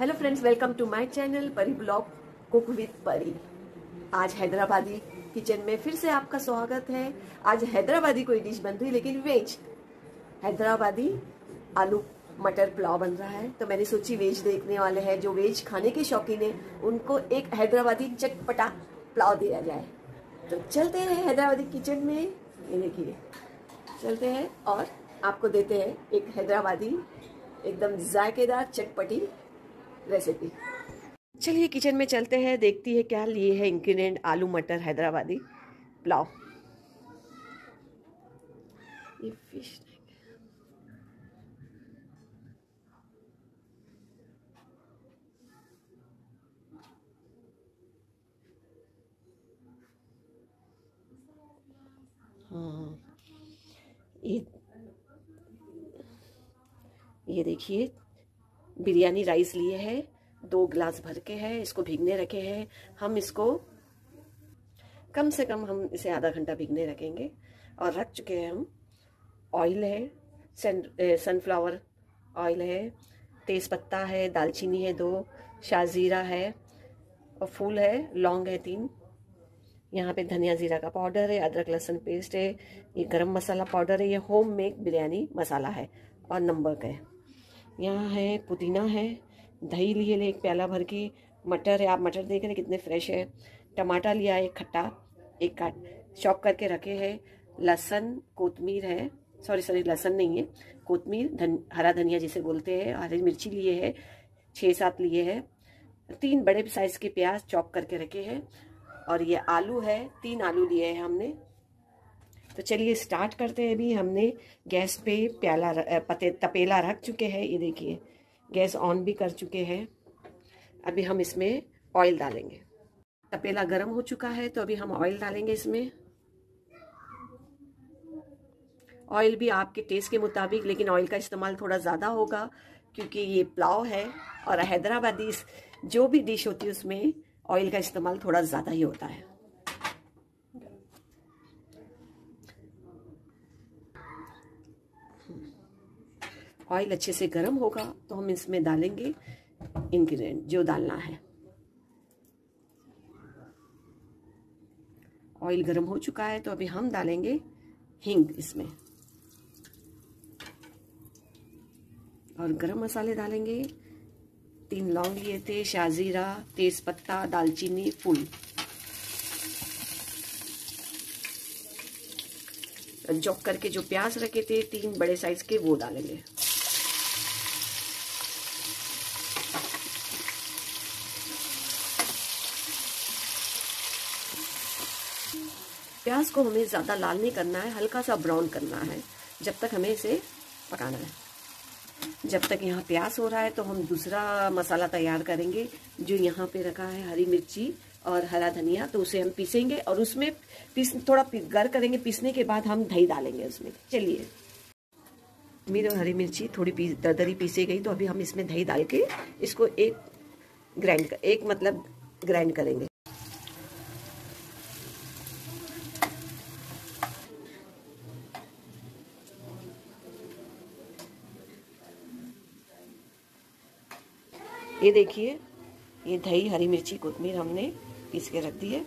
hello friends welcome to my channel Pari blog cook with Pari आज Hyderabadi kitchen में फिर से आपका स्वागत है आज हैदराबादी कोई डिश बन रही लेकिन वेज हैदराबादी आलू मटर पुलाव बन रहा है तो मैंने सोची वेज देखने वाले हैं जो वेज खाने के शौकीन है उनको एक हैदराबादी चटपटा पुलाव दिया जाए तो चलते हैं हैदराबादी किचन में ये देखिए चलते हैं और आपको देते हैं एक हैदराबादी एकदम जायकेदार चटपटी रेसिपी चलिए किचन में चलते हैं देखती है क्या लिए है इंग्रीडियंट आलू मटर हैदराबादी पुलाव ये फिश हाँ ये ये देखिए बिरयानी राइस लिए हैं दो गिलास भर के हैं इसको भीगने रखे हैं हम इसको कम से कम हम इसे आधा घंटा भीगने रखेंगे और रख चुके हैं हम ऑयल है सन सनफ्लावर ऑयल है तेज़ पत्ता है दालचीनी है दो शाहजीरा है और फूल है लौंग है तीन यहाँ पे धनिया जीरा का पाउडर है अदरक लहसुन पेस्ट है ये गरम मसाला पाउडर है ये होम मेड बिरयानी मसाला है और नंबर का है यहाँ है पुदीना है दही लिए ले एक प्याला भर के मटर है आप मटर देख रहे कितने फ्रेश है टमाटर लिया एक खट्टा एक काट चॉप करके रखे हैं लहसन कोतमीर है सॉरी सॉरी लहसन नहीं है कोतमीर धन हरा धनिया जिसे बोलते हैं हरी मिर्ची लिए है छः सात लिए है तीन बड़े साइज़ के प्याज चॉप करके रखे हैं और ये आलू है तीन आलू लिए हैं हमने तो चलिए स्टार्ट करते हैं अभी हमने गैस पे प्याला पते तपेला रख चुके हैं ये देखिए गैस ऑन भी कर चुके हैं अभी हम इसमें ऑयल डालेंगे तपेला गर्म हो चुका है तो अभी हम ऑयल डालेंगे इसमें ऑयल भी आपके टेस्ट के मुताबिक लेकिन ऑयल का इस्तेमाल थोड़ा ज़्यादा होगा क्योंकि ये पुलाव है और हैदराबादी जो भी डिश होती है उसमें ऑयल का इस्तेमाल थोड़ा ज़्यादा ही होता है ऑयल अच्छे से गर्म होगा तो हम इसमें डालेंगे इंग्रेडिएंट जो डालना है ऑयल गर्म हो चुका है तो अभी हम डालेंगे हिंग इसमें और गरम मसाले डालेंगे तीन लौंग लिए थे शाजीरा तेज पत्ता दालचीनी फूल जॉक करके जो प्याज रखे थे तीन बड़े साइज के वो डालेंगे प्याज को हमें ज़्यादा लाल नहीं करना है हल्का सा ब्राउन करना है जब तक हमें इसे पकाना है जब तक यहाँ प्याज हो रहा है तो हम दूसरा मसाला तैयार करेंगे जो यहाँ पे रखा है हरी मिर्ची और हरा धनिया तो उसे हम पीसेंगे और उसमें पीस थोड़ा गर करेंगे पीसने के बाद हम दही डालेंगे उसमें चलिए मेरी और हरी मिर्ची थोड़ी पीस दरदरी पीसी गई तो अभी हम इसमें दही डाल के इसको एक ग्राइंड एक मतलब ग्राइंड करेंगे देखिए ये दही हरी मिर्ची कोतमीर हमने पीस के रख दी है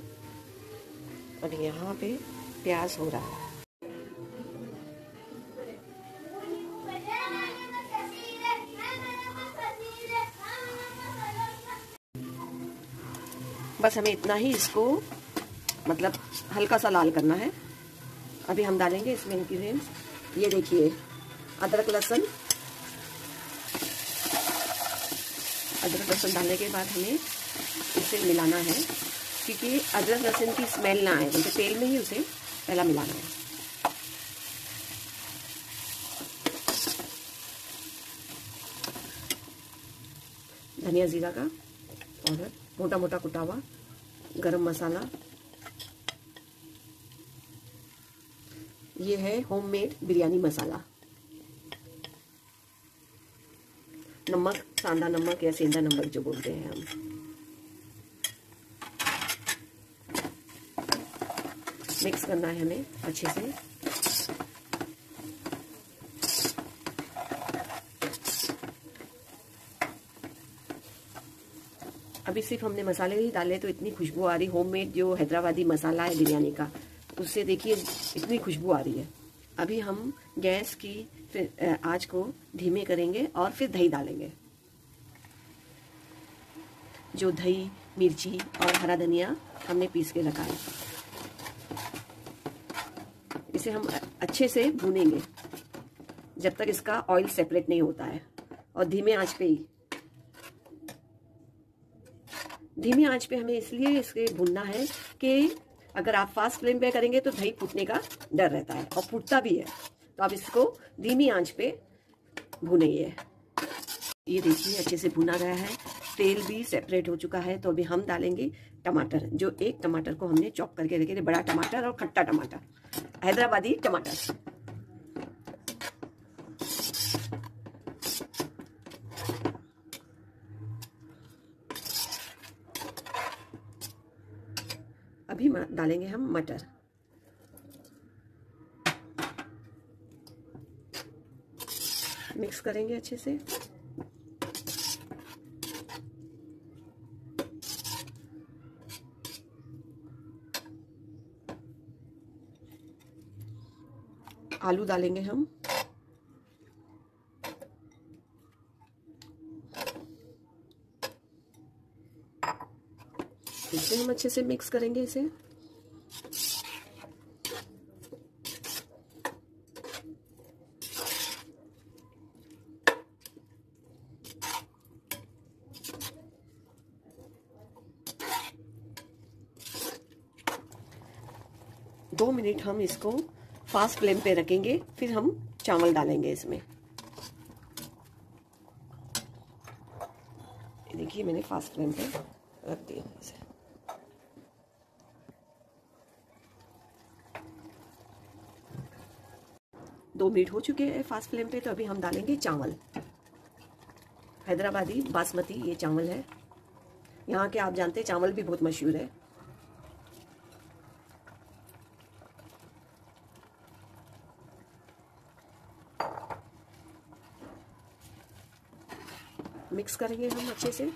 और यहाँ पे प्याज हो रहा है बस हमें इतना ही इसको मतलब हल्का सा लाल करना है अभी हम डालेंगे इसमें इंग्रीडियंट्स ये देखिए अदरक लहसुन अदरक लहसुन डालने के बाद हमें इसे मिलाना है क्योंकि अदरक लहसुन की स्मेल ना आए मुझे तेल में ही उसे पहला मिलाना है धनिया जीरा का पाउडर मोटा मोटा कुटा हुआ गरम मसाला ये है होममेड बिरयानी मसाला नमक सांदा नमक या सेंधा नमक जो बोलते हैं हम मिक्स करना है हमें अच्छे से अभी सिर्फ हमने मसाले ही डाले तो इतनी खुशबू आ रही होममेड जो हैदराबादी मसाला है बिरयानी का उससे देखिए इतनी खुशबू आ रही है अभी हम गैस की फिर आँच को धीमे करेंगे और फिर दही डालेंगे जो दही मिर्ची और हरा धनिया हमने पीस के रखा है इसे हम अच्छे से भूनेंगे जब तक इसका ऑयल सेपरेट नहीं होता है और धीमे आंच पे ही धीमी आंच पे हमें इसलिए इसे भूनना है कि अगर आप फास्ट फ्लेम पे करेंगे तो दही फूटने का डर रहता है और फूटता भी है तो आप इसको धीमी आंच पे भुनेंगे ये देखिए अच्छे से भुना गया है तेल भी सेपरेट हो चुका है तो अभी हम डालेंगे टमाटर जो एक टमाटर को हमने चॉप करके रखे थे बड़ा टमाटर और खट्टा टमाटर हैदराबादी टमाटर अभी डालेंगे हम मटर मिक्स करेंगे अच्छे से आलू डालेंगे हम फिर हम अच्छे से मिक्स करेंगे इसे दो मिनट हम इसको फास्ट फ्लेम पे रखेंगे फिर हम चावल डालेंगे इसमें देखिए मैंने फास्ट फ्लेम पे रख दिया इसे दो मिनट हो चुके हैं फास्ट फ्लेम पे तो अभी हम डालेंगे चावल हैदराबादी बासमती ये चावल है यहाँ के आप जानते हैं चावल भी बहुत मशहूर है मिक्स करेंगे हम अच्छे से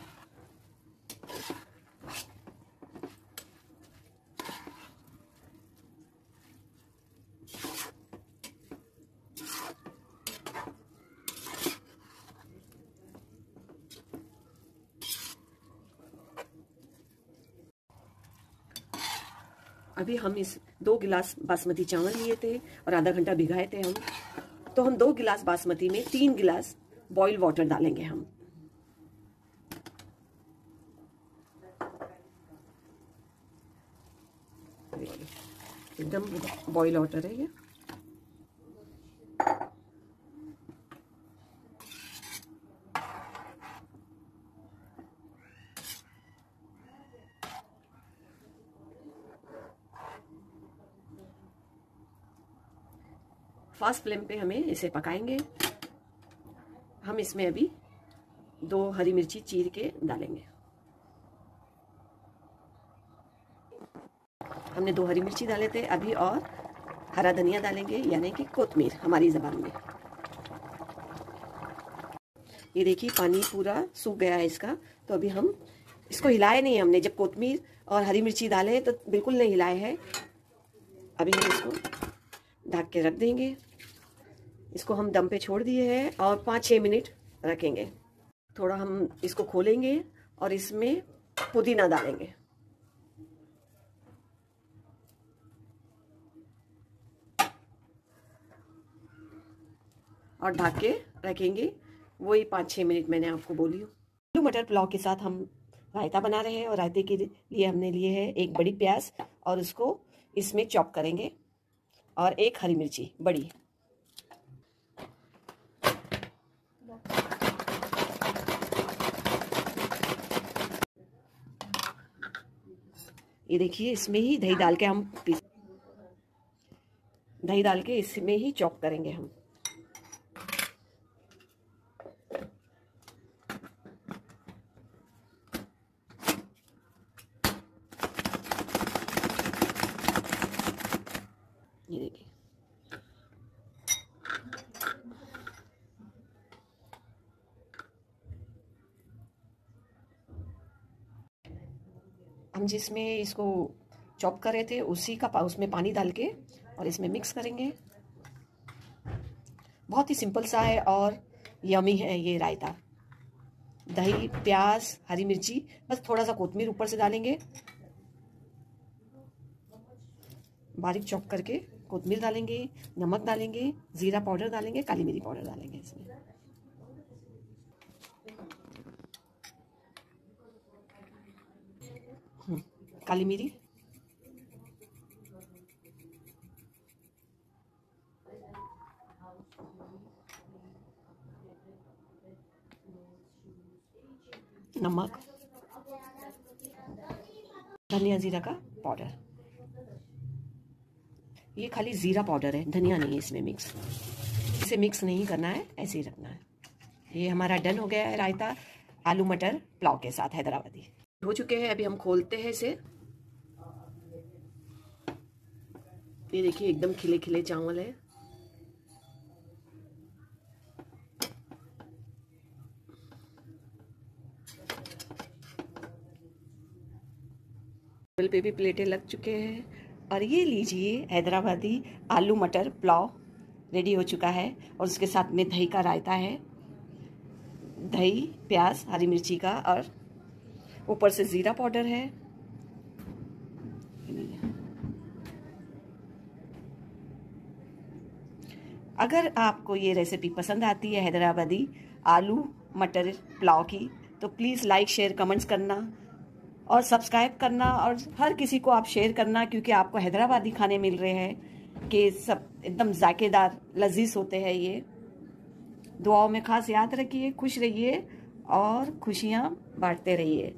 अभी हम इस दो गिलास बासमती चावल लिए थे और आधा घंटा भिगाए थे हम तो हम दो गिलास बासमती में तीन गिलास बॉईल वाटर डालेंगे हम एकदम बॉईल वाटर है ये फास्ट फ्लेम पे हमें इसे पकाएंगे हम इसमें अभी दो हरी मिर्ची चीर के डालेंगे हमने दो हरी मिर्ची डाले थे अभी और हरा धनिया डालेंगे यानी कि कोतमीर हमारी ज़बान में ये देखिए पानी पूरा सूख गया है इसका तो अभी हम इसको हिलाए नहीं हमने जब कोतमीर और हरी मिर्ची डाले तो बिल्कुल नहीं हिलाए हैं अभी हम इसको ढक के रख देंगे इसको हम दम पे छोड़ दिए हैं और पाँच छः मिनट रखेंगे थोड़ा हम इसको खोलेंगे और इसमें पुदीना डालेंगे और ढक के रखेंगे वही पाँच छः मिनट मैंने आपको बोली हूँ आलू मटर पुलाव के साथ हम रायता बना रहे हैं और रायते के लिए हमने लिए है एक बड़ी प्याज और उसको इसमें चॉप करेंगे और एक हरी मिर्ची बड़ी ये देखिए इसमें ही दही डाल के हम दही डाल के इसमें ही चॉप करेंगे हम ये देखिए हम जिसमें इसको चॉप कर रहे थे उसी का उसमें पानी डाल के और इसमें मिक्स करेंगे बहुत ही सिंपल सा है और यमी है ये रायता दही प्याज हरी मिर्ची बस थोड़ा सा कोतमीर ऊपर से डालेंगे बारीक चॉप करके कोतमीर डालेंगे नमक डालेंगे ज़ीरा पाउडर डालेंगे काली मिरी पाउडर डालेंगे इसमें हम्म, काली मिरी नमक धनिया जीरा का पाउडर ये खाली ज़ीरा पाउडर है धनिया नहीं है इसमें मिक्स इसे मिक्स नहीं करना है ऐसे ही रखना है ये हमारा डन हो गया है रायता आलू मटर पुलाव के साथ हैदराबादी हो चुके हैं अभी हम खोलते हैं इसे ये देखिए एकदम खिले खिले चावल है टेबल पे भी प्लेटें लग चुके हैं और ये लीजिए हैदराबादी आलू मटर पुलाव रेडी हो चुका है और उसके साथ में दही का रायता है दही प्याज हरी मिर्ची का और ऊपर से ज़ीरा पाउडर है अगर आपको ये रेसिपी पसंद आती है हैदराबादी आलू मटर पुलाव की तो प्लीज़ लाइक शेयर कमेंट्स करना और सब्सक्राइब करना और हर किसी को आप शेयर करना क्योंकि आपको हैदराबादी खाने मिल रहे हैं कि सब एकदम जायकेदार लजीज होते हैं ये दुआओं में खास याद रखिए खुश रहिए और खुशियाँ बांटते रहिए